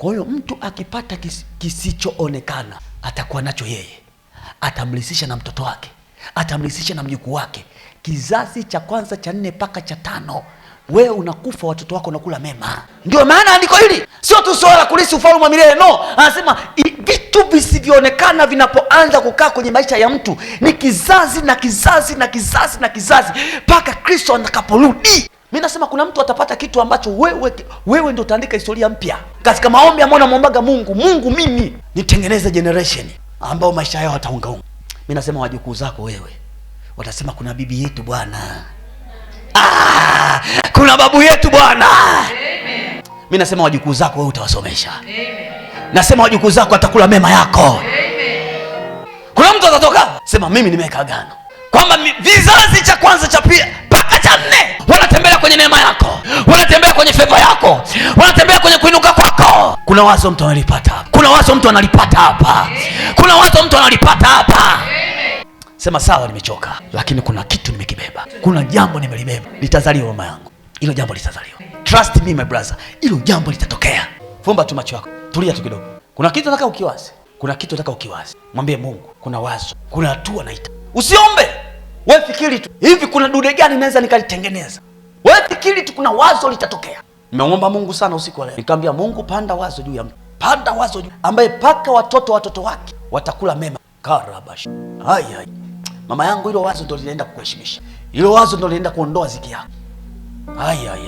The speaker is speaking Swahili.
Kwa hiyo mtu akipata kis, kisichoonekana atakuwa nacho yeye, atamlisisha na mtoto wake, atamlisisha na mjukuu wake, kizazi cha kwanza cha nne mpaka cha tano. Wewe unakufa, watoto wako unakula mema. Ndio maana andiko hili sio tu swala la kulisi ufalme wa milele no, anasema vitu visivyoonekana vinapoanza kukaa kwenye maisha ya mtu ni kizazi na kizazi na kizazi na kizazi mpaka Kristo atakaporudi. Mi nasema kuna mtu atapata kitu ambacho wewe wewe ndio utaandika historia mpya. Katika maombi ambayo namwombaga Mungu, Mungu mimi nitengeneze generation ambao maisha yao wataungaunga. Mi nasema wajukuu zako wewe watasema kuna bibi yetu bwana. Ah, kuna babu yetu bwana. Mi nasema wajukuu zako wewe utawasomesha. Amen. Nasema wajukuu zako atakula mema yako. Amen. Kuna mtu atatoka sema mimi nimeweka agano kwamba vizazi cha kwanza cha pia Kuna wazo mtu analipata kuna wazo mtu analipata hapa, kuna wazo mtu analipata hapa. Sema sawa, nimechoka, lakini kuna kitu nimekibeba, kuna jambo nimelibeba, litazaliwa mama yangu, hilo jambo litazaliwa. Trust me my brother, hilo jambo litatokea. Fumba tu macho yako, tulia tu kidogo. Kuna kitu nataka ukiwazi, kuna kitu nataka ukiwazi, mwambie Mungu, kuna wazo, kuna hatua naita. Usiombe wewe, fikiri tu, hivi kuna dude gani naweza nikalitengeneza? Wewe fikiri tu, kuna wazo litatokea. Nimeomba Mungu sana usiku wa leo, nikamwambia Mungu, panda wazo juu ya mtu, panda wazo juu ambaye mpaka watoto watoto wake watakula mema. Karabash haya, mama yangu, hilo wazo ndo linaenda kukuheshimisha, hilo wazo ndo linaenda kuondoa ziki yako. Haya haya.